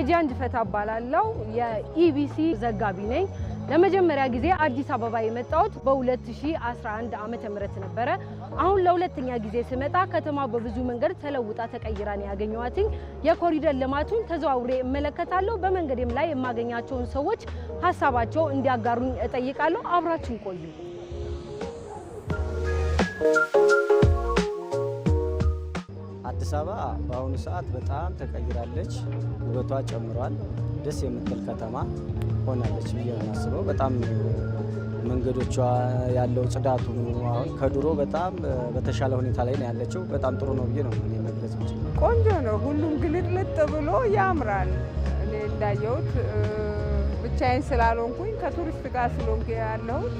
ሜጂያን እንድፈታ እባላለሁ። የኢቢሲ ዘጋቢ ነኝ። ለመጀመሪያ ጊዜ አዲስ አበባ የመጣሁት በ2011 ዓመተ ምህረት ነበረ። አሁን ለሁለተኛ ጊዜ ስመጣ ከተማ በብዙ መንገድ ተለውጣ ተቀይራ ነው ያገኘኋትኝ። የኮሪደር ልማቱን ተዘዋውሬ እመለከታለሁ። በመንገዴም ላይ የማገኛቸውን ሰዎች ሀሳባቸው እንዲያጋሩኝ እጠይቃለሁ። አብራችን ቆዩ። አዲስ አበባ በአሁኑ ሰዓት በጣም ተቀይራለች። ውበቷ ጨምሯል። ደስ የምትል ከተማ ሆናለች ብዬ የማስበው። በጣም መንገዶቿ ያለው ጽዳቱ ከድሮ በጣም በተሻለ ሁኔታ ላይ ነው ያለችው። በጣም ጥሩ ነው ብዬ ነው መግለጽ። ቆንጆ ነው። ሁሉም ግልጥልጥ ብሎ ያምራል። እኔ እንዳየሁት ብቻዬን ስላልሆንኩኝ ከቱሪስት ጋር ስለሆንኩ ያለሁት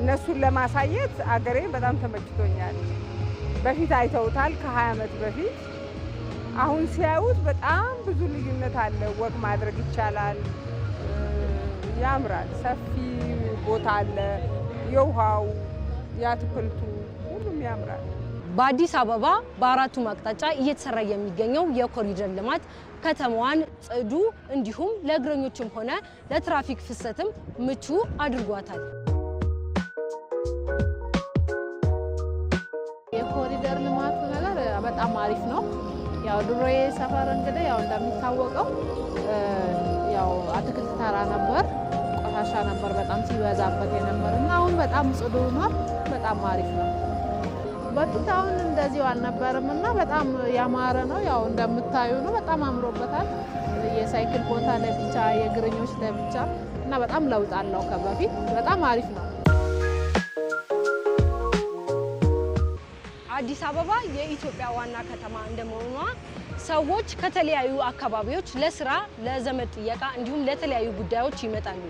እነሱን ለማሳየት አገሬን በጣም ተመችቶኛል። በፊት አይተውታል፣ ከ20 ዓመት በፊት አሁን ሲያዩት በጣም ብዙ ልዩነት አለ። ወቅ ማድረግ ይቻላል፣ ያምራል። ሰፊ ቦታ አለ። የውሃው፣ የአትክልቱ፣ ሁሉም ያምራል። በአዲስ አበባ በአራቱም አቅጣጫ እየተሰራ የሚገኘው የኮሪደር ልማት ከተማዋን ጽዱ እንዲሁም ለእግረኞችም ሆነ ለትራፊክ ፍሰትም ምቹ አድርጓታል። የኮሪደር ልማቱ ነገር በጣም አሪፍ ነው። ያው ድሮዬ ሰፈር እንግዲህ ያው እንደሚታወቀው ያው አትክልት ተራ ነበር፣ ቆሻሻ ነበር በጣም ሲበዛበት የነበር እና አሁን በጣም ጽዱ ሆኗል። በጣም አሪፍ ነው። በፊት አሁን እንደዚሁ አልነበርም እና በጣም ያማረ ነው። ያው እንደምታዩ ነው። በጣም አምሮበታል። የሳይክል ቦታ ለብቻ፣ የእግረኞች ለብቻ እና በጣም ለውጥ አለው ከበፊት። በጣም አሪፍ ነው። አዲስ አበባ የኢትዮጵያ ዋና ከተማ እንደመሆኗ ሰዎች ከተለያዩ አካባቢዎች ለስራ፣ ለዘመድ ጥየቃ እንዲሁም ለተለያዩ ጉዳዮች ይመጣሉ።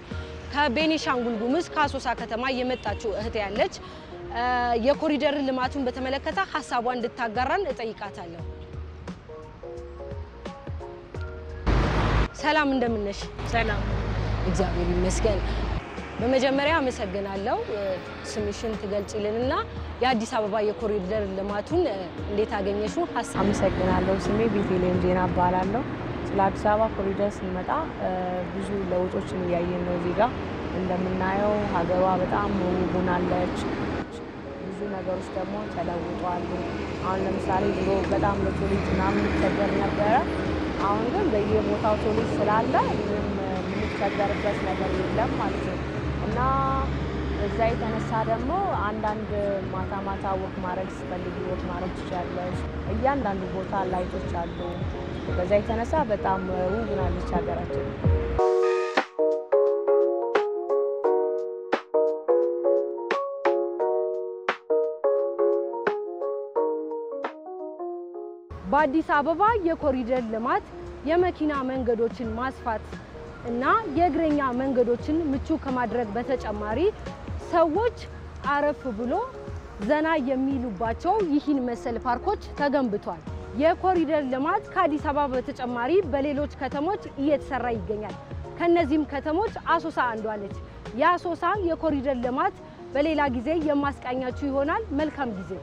ከቤኒሻንጉል ጉሙዝ ከአሶሳ ከተማ የመጣችው እህት ያለች የኮሪደር ልማቱን በተመለከተ ሀሳቧን እንድታጋራን እጠይቃታለሁ። ሰላም እንደምነሽ? ሰላም፣ እግዚአብሔር ይመስገን። በመጀመሪያ አመሰግናለሁ። ስምሽን ትገልጪልንና የአዲስ አበባ የኮሪደር ልማቱን እንዴት አገኘሹ? ሀሳብ አመሰግናለሁ። ስሜ ቤቴሌም ዜና እባላለሁ። ስለ አዲስ አበባ ኮሪደር ስንመጣ ብዙ ለውጦችን እያየን ነው። እዚህ ጋር እንደምናየው ሀገሯ በጣም ውብ ሆናለች። ብዙ ነገሮች ደግሞ ተለውጧሉ። አሁን ለምሳሌ ድሮ በጣም ለቱሪስት ምናምን ይቸገር ነበረ። አሁን ግን በየቦታው ቱሪስት ስላለ ምንም የምንቸገርበት ነገር የለም ማለት ነው። እና እዛ የተነሳ ደግሞ አንዳንድ ማታ ማታ ወክ ማድረግ ስፈልግ ወክ ማድረግ ትችላለች። እያንዳንዱ ቦታ ላይቶች አሉ። በዛ የተነሳ በጣም ውብ ናለች ሀገራችን። በአዲስ አበባ የኮሪደር ልማት የመኪና መንገዶችን ማስፋት እና የእግረኛ መንገዶችን ምቹ ከማድረግ በተጨማሪ ሰዎች አረፍ ብሎ ዘና የሚሉባቸው ይህን መሰል ፓርኮች ተገንብቷል። የኮሪደር ልማት ከአዲስ አበባ በተጨማሪ በሌሎች ከተሞች እየተሰራ ይገኛል። ከነዚህም ከተሞች አሶሳ አንዷ ነች። የአሶሳ የኮሪደር ልማት በሌላ ጊዜ የማስቃኛችሁ ይሆናል። መልካም ጊዜ